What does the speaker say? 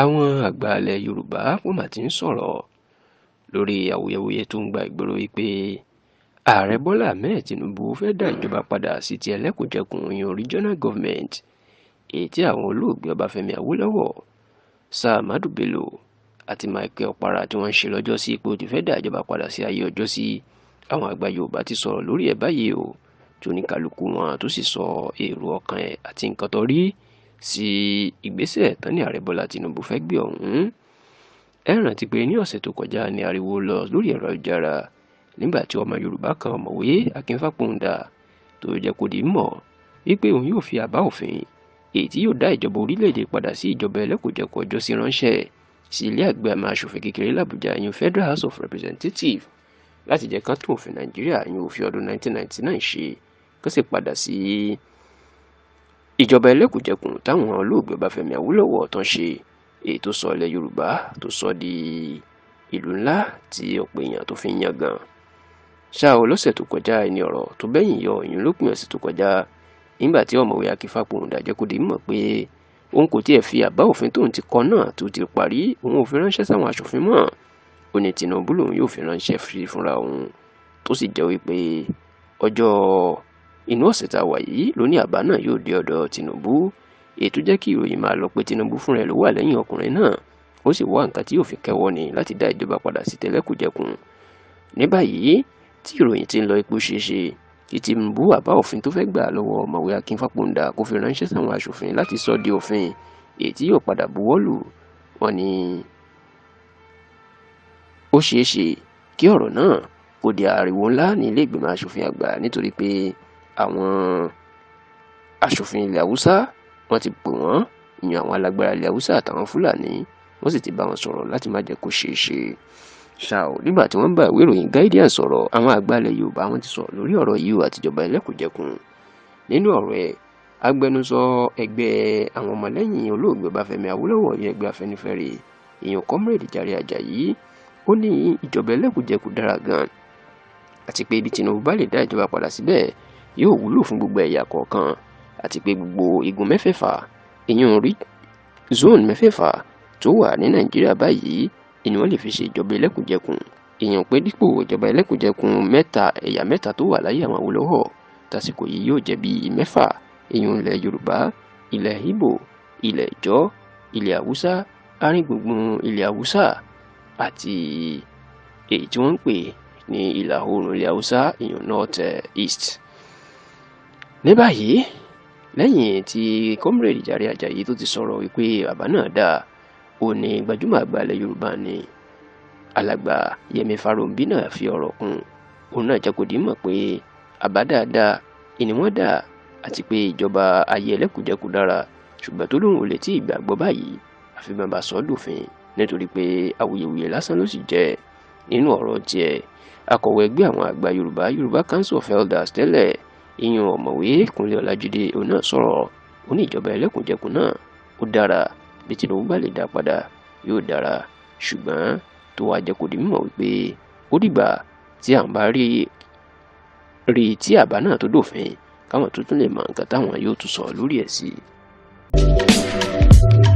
àwọn àgbà ilẹ̀ yorùbá wọ́n mà ti ń sọ̀rọ̀ lórí awuyewuye tó ń gba ìgboro wípé ààrẹ bọ́lá ahmed tinubu fẹ́ dá ìjọba padà sí ti ẹlẹ́kùnjẹkùn yan regional government èyí tí àwọn olóògbé ọbáfẹ́mi awólọ́wọ̀ sir amadu bello àti michael ọ̀para tí wọ́n ń ṣe lọ́jọ́ sí pé ó ti fẹ́ dá ìjọba padà sí ayé ọjọ́ sí àwọn àgbà yorùbá ti sọ̀rọ̀ lórí ẹ̀ báyìí o tí oníkálukú wọn tó sì sọ èrò ọkàn ẹ̀ àti nǹkan tó rí sí ìgbésẹ̀ tán ní ààrẹ bọ́lá tinubu fẹ́ gbé ọ̀hún ẹ rántí pé ní ọ̀sẹ̀ tó kọjá ni ariwo lọ lórí ẹ̀rọ ayélujára nígbà tí ọmọ yorùbá kan ọ̀mọ̀wé akin fápóńdà tó jẹ́ kó di mọ̀ wípé òun yóò fi àbá òfin èyí tí yóò dá ìjọba orílẹ̀-èdè padà sí ìjọba ẹlẹ́kọ̀ọ́jẹ̀kọ̀ ọjọ́ sí ránṣẹ́ sí ilé àgbẹ̀ àmọ́ aṣòfin kékeré làbújá ìyẹn federal house of representatives láti jẹ́ kán tún òfin nàìjíríà ìyẹn òfin ọdún 1999 ṣe kó sì padà sí ìjọba ẹlẹ́kùnjẹkùn táwọn olóògbé Ọbáfẹ́mi Awólọ́wọ̀ tán ṣe èyí tó sọ ilẹ̀ Yorùbá tó sọ di ìlú ńlá tí ọ̀pọ̀ èèyàn tó fi ń yangàn ṣá o lọ́sẹ̀ tó kọjá ẹni ọ̀rọ̀ tó bẹ́yìn yọ ìyún lópin ọ̀sẹ̀ tó kọjá nígbà tí ọ̀mọ̀wé Akínfàpọ̀hùn Dàjẹ́kúdé mọ̀ pé òun kò tiẹ̀ fi àbá òfin tóun ti kọ náà tó ti parí òun ò fi ránṣẹ́ sáwọn aṣòfin mọ́ ó ní Tinubu lòun yóò fi ránṣẹ́ fúnra òun tó sì jẹ́ wípé ọjọ́ inú ọ̀sẹ̀ tá a wà yìí ló ní àbá náà yóò dé ọ̀dọ̀ Tinubu ètò jẹ́ kí ìròyìn máa lọ pé Tinubu fúnra ẹ̀ ló wà lẹ́yìn ọkùnrin náà ó sì wá nǹkan tí yóò fi kẹ́wọ́ ni láti dá ìjọba padà sí tẹ́lẹ̀kùjẹkùn ní báyìí tí ìròyìn ti ń lọ ipò ṣeéṣe kí Tinubu àbá òfin tó fẹ́ gbà lọ́wọ́ ọ̀mọ̀wé Akin Fápóńdà kó fi ránṣẹ́ sáwọn aṣòfin láti sọ di òfin èyí tí yóò padà buwọ́lù wọn ni ó ṣeéṣe kí ọ̀rọ̀ náà kó àwọn aṣòfin ilẹ̀ haúsá wọ́n ti pè wọ́n ìyàn àwọn alágbára ilẹ̀ haúsá àtàwọn fúlàní wọ́n sì ti bá wọn sọ̀rọ̀ láti má jẹ́ kó ṣeé ṣe ṣá o nígbà tí wọ́n ń bá ìwé ìròyìn guardian sọ̀rọ̀ àwọn àgbàlẹ̀ yorùbá wọ́n ti sọ̀rọ̀ lórí ọ̀rọ̀ yìí àtijọba ẹlẹ́kùnjẹkùn nínú ọ̀rọ̀ ẹ̀ agbẹnusọ ẹgbẹ́ àwọn ọmọlẹ́yìn olóògbé ọbáfẹ́mi awólọ́wọ̀ yẹn ẹgbẹ́ afẹ́nifẹ́re èèyàn comrade jàre àjàyí ó ní ìjọba ẹlẹ́kùnjẹkùn dára gan àti pé ibi tinubu bá lè dá ìjọba padà síbẹ̀ yóò wúlò fún gbogbo ẹ̀yà kọ̀ọ̀kan àti pé gbogbo igun mẹ́fẹ̀ẹ̀fà ìyún rí zone mẹ́fẹ̀ẹ̀fà tó wà ní nàìjíríà báyìí ni wọ́n lè fi ṣe ìjọba ẹlẹ́kùnjẹkùn èèyàn pé dípò ìjọba ẹlẹ́kùnjẹkùn mẹ́ta ẹ̀yà mẹ́ta tó wà láyé àwọn Awólọ́wọ̀ tásìkò yìí yóò jẹ́ bíi mẹ́fà èèyàn ilẹ̀ Yorùbá ilẹ̀ Ìgbò ilẹ̀ Ìjọ ilẹ̀ Haúsá aríngbùngbùn ilẹ̀ Haúsá àti èyí tí wọ́n ń pè ní ìlà oòrùn ilẹ̀ Haúsá ìyàn north east ní báyìí lẹ́yìn tí comrade Jàre Àjàyí tó ti sọ̀rọ̀ wípé bàbá náà dáa ó ní gbajúmọ̀ àgbà ilẹ̀ Yorùbá ni alàgbà Yẹmi Farounbi náà fi ọ̀rọ̀ kún òun náà jẹ́ kó dì í mọ̀ pé àbá dáadáa ìní wọ́n dà àti pé ìjọba ayé ẹlẹ́kùjẹkù dára ṣùgbọ́n tó lóun ò lè tí ì gbàgbọ́ báyìí àfi bàbá sọ dòfin nítorí pé awuyewuye lásán ló sì jẹ́ nínú ọ̀rọ̀ tiẹ̀ akọ̀wé ẹgbẹ́ àwọn àgbà Yorùbá Yorùbá Council of Elders tẹ́lẹ̀ ìyún ọ̀mọ̀wé kúnlé ọ̀làjídé òun náà sọ̀rọ̀ ó ní ìjọba ẹlẹ́kùnjẹkùn náà ó dára bí tinubu bá lè dá padà yóò dára ṣùgbọ́n tó wàá jẹ́ kó di mímọ̀ wípé ó dìgbà tí à ń bá rí rí tí àbá náà tó dòfin káwọn tuntun lè mọ nǹkan táwọn yóò tún sọ lórí ẹ̀ sí i.